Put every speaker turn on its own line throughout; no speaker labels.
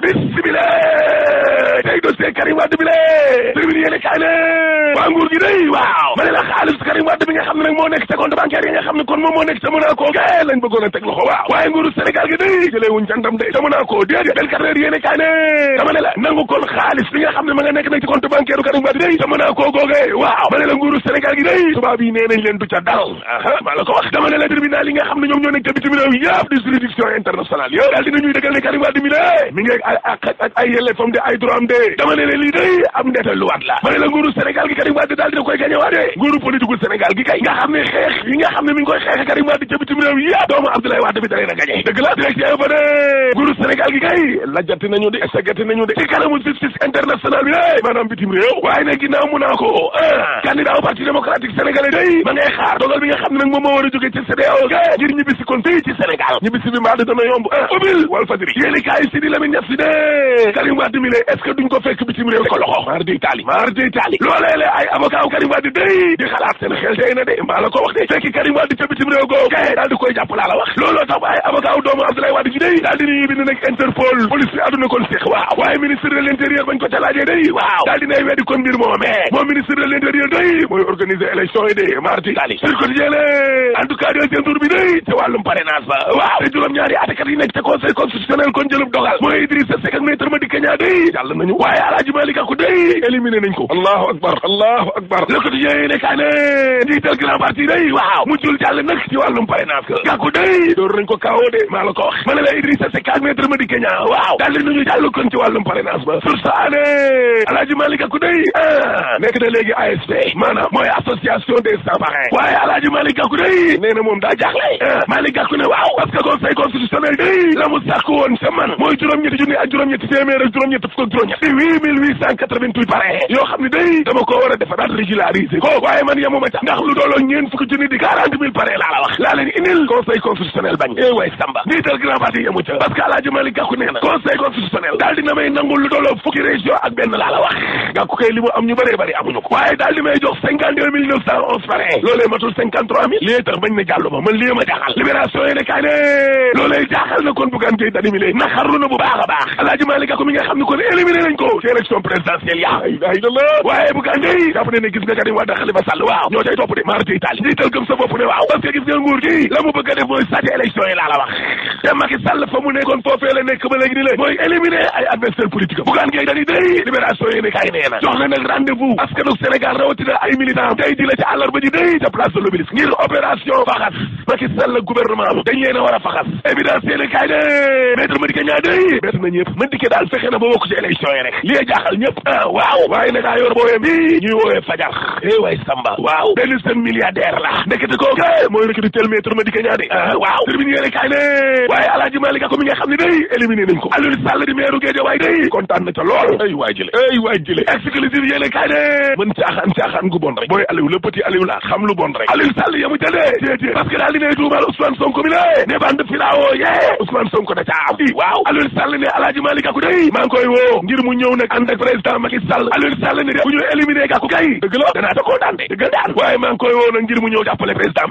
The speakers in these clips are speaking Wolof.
bismillah mooy tey dossier Karim Wade bi lé tribune yéene kaay ne waa nguur gi a de te Monaco déedéet vingt di mi de mi ngi ak ak ak de ay droit de dama ne lii day am ndeetaluwaat la ma ne la nguuru Sénégal gi Karim Wade daal dina koy gañewaat de nguuru politique gu nga xam ne xeex yi nga xam ne mi ngi xeex Karim Wade ca bitim réew yi doomu Abdoulaye Wade bi da leen a gañe dëgg la direct yow fa de nguuru Sénégal gi kay lajjati nañu de sagati nañu de ci kanamu justice internationale bi bitim réew waaye nag ginnaaw mun naa ko ah candidat au parti démocratique sénégalais ma ngay xaar dogal bi nga xam ne nag moom moo war a jógee ngir ñibbisi Karim Wade mi est ce que fekk bitim réew ko loxo maar day taali maar day taali loolee la ay avocat wu Karim Wade day di xalaat seen xel day ko wax de fekk Karim Wade ca bitim réew goo kaye daal di koy jàpp laa wax looloo tax ay avocat wu doomu Abdoulaye Wade ji day daal di ñuy bind nag Interpol police bi kon séq waaw waaye ministre de l'intérieur bañ ko ca laajee day waaw daal dinay weddi kon mbir moom mais moom ministre de l'intérieur day mooy organiser élection yi day marti daali sur quotidien en tout cas deuxième tour bi day ci wàllum parrainage ba waaw te juróom-ñaari attakat yi nekk ca conseil constitutionnel kon ko day waaw mujjul jàll ko kawo de maa la ko wax ma ne la Idrissa Seck ak Maître Madické Niang waaw daal nañu kon ci wàllum parrainage ba alaaji Malick Gakou day ah, nekk na léegi ASP maanaam mooy association des sans-parrains waaye alaaji Malick Gakou day nee moom daa jaaxle ah, Malick Gakou ne waaw parce que conseil day la mu sàkk woon mooy juróom-ñetti junni ak juróom-ñetti téeméer ak juróom-ñetti fukk ak juróom-ñett di huit mille huit xam ne day dama koo war a defaraat ko waaye man yemuma ca ndax lu dooloo ñeen fukki junni di quarante mille parrain laa la wax laa leen indil conseil constitutionnel tolloo fukki région ak benn laa la wax nga ko koy li mu am ñu bëree bëri amuñu ko waaye daal li jox cinquante deux mille neuf cent onze pare loolee matul cinquante trois mille lii tax man lii ma jaaxal libération yi ne kaay ne loolee na kon buggaan koy tani mi lay naxarlu na bu baax a baax alaaji Malick Gakou mi nga xam ne kon éliminé nañ ko ci élection présidentielle yaa ilaha illallah waaye buggaan day jàpp ne ne gis nga Karim marti itali njiital a Bougane Gueye Dany day libération yéene kaay nee na jox na nag rendez-vous askanu Sénégal rawatina ay militant tey di la ci àllarba ji day ca place de l'Obélisque ngir opération faxas Macky Sall la gouvernement bi dañ leen a war a faxas évidence yéene kaay de maître Madické na ñëpp Madické daal fexe na ba bokk ci élection yi li a jaaxal ñëpp ah waaw waaye nagaa yor bi ñuy woowee fajar é eh, waay Samba waaw benn seen milliardaire la eh, de ah waaw tribune yéene kaay ne waaye Alaaji Malick di maire Guédiawaye kontaan na ca waay jële ay waay jële exclusive yéene kaay ne mën caaxaan caaxaan gu bon rek booy Aliou le petit la xam lu bon rek Aliou Sall yamu jële déedéet parce que daal dinay tuumaal Ousmane Sonko mi ne ne bande filao yee Ousmane Sonko da caa am i waaw Aliou Sall ne Alaaji Malick Gakou day maa ngi koy woo ngir mu ñëw nag ànd ak président Macky Sall Aliou Sall ne de bu ñu éliminé Gakou kay dëgg la danaa da koo de dëgg daan waaye koy woo nag ngir mu ñëw jàppale président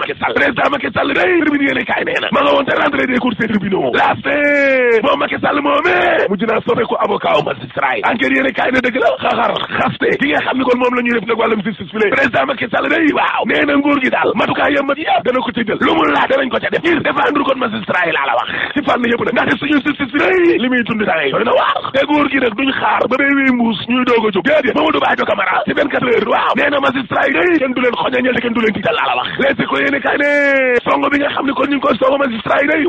Macky magistrat yi enquête yéen kaay na dëgg nga xam ni kon moom la ñuy def nag wàllum justice bi président Macky Sall day waaw nee na nguur gi daal matukaay yëmbat yëpp dana ko ko ca def ngir défendre kon magistrat yi laa la wax ci fànn yëpp nag ndaxte suñu justice bi day li ba bay wiy mbuus ñuy doog a jóg déedéet Mamadou Badio Camara ci 24 te kenn du leen tiital laa la wax léegi songo bi nga ni kon ñu ngi songo magistrat yi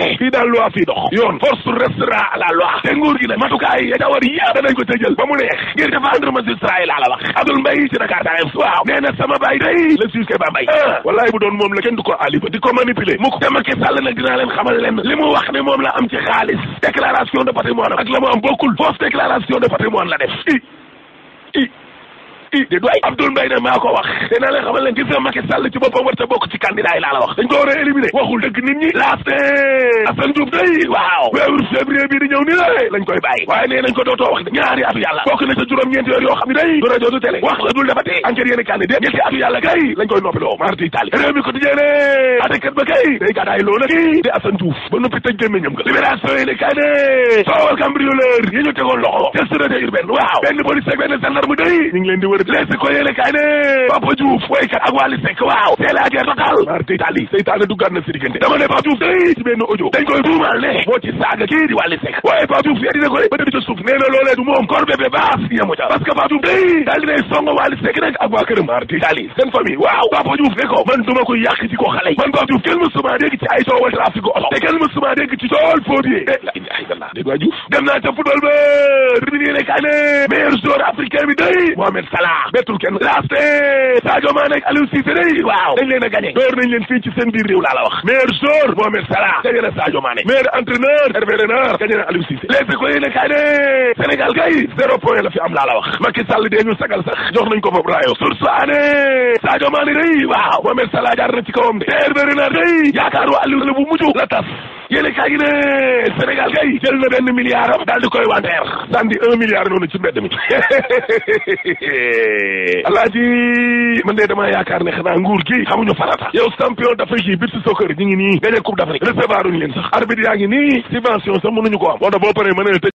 ne fii daal loi fii dox yoon force restera à la loi te nguur gi nag matukaay ya ca war yëpp danañ ko ca jël ba mu neex ngir défendre magistrat yi laa la wax Abdoul Mbaye ci Dakar Times waaw nee na sama baay day le suisse ba mbay ah wallaay bu doon moom la kenn du ko alifa di ko manipuler mukk te Macky Sall nag dinaa leen xamal leen li mu wax ne moom la am ci xaalis déclaration de patrimoine la mu am bokkul fausse déclaration de patrimoine la def politique de du ay Abdoul Mbaye wax te naa leen xamal leen gis nga Macky Sall ci boppam war ta ci candidat yi la wax dañ ko war a waxul dëgg nit ñi laast Assane Diouf day waaw weeru février bii di ñëw ni lé lañ koy bàyyi waaye nee nañ ko dootoo wax de ñaari atu yàlla bokk na sa juróom-ñeenti weer yoo xam ne day du rajo du télé wax la dul defati enquête yéen kan dé ñetti atu yàlla kay lañ koy noppiloo mardi itali réew mi quotidien ba kay day gàddaay loo na kii di Assane Diouf ba noppi tëj kay ne soowal les ko yéene kay ne Papa Diouf waykat ak Wally Seck waaw c'est la guerre totale marti tali seytaane duggaat na si diggante dama ne Papa Diouf day ci benn audio dañ koy tuumal ne moo ci saaga kii di Wally Seck waaye Papa Diouf yeddi na koy ba dëgg ca suuf nee na loolee du moom kor bébé baas yemu ca parce que Papa Diouf day daal dinay songo Wally Seck rek ak waa këram marti tali seen famille ne ko man duma ko yàq ci ko xale yi man Papa Diouf kenn mësuma dégg ci ay coowal trafic oto te kenn mësuma dégg ci coowal fóodiye eh, la ilaha illallah dégg sax bettul kenn laast Sadio Mané Aliou Cissé waaw dañ leen a gagné door nañ leen fii ci seen biir réew laa la wax meilleur joueur Mohamed Salah gagné na Sadio Mané meilleur entraîneur Hervé Renard gagné na Aliou Sénégal kay zéro point la fi am laa la wax Macky Sall dee ñu sagal sax jox nañ ko bopp raayo sur saane Sadio Mané day waaw Mohamed Salah jaar na ci kawam de teer bëri na day yaakaar waa Aliou la bu mujj la tas yéene kaa gi ne Sénégal kay jël na milliard am koy wanteer sandi un milliard noonu ci mbedd mi alaaji man de damaa yaakaar ne xanaa nguur gi xamuñu farata yow champion d'Afrique yi biir si soccer ñi ngi nii gagné coupe d'Afrique recevoir uñu leen sax arbitre yaa ngi nii subvention sax mënuñu ko a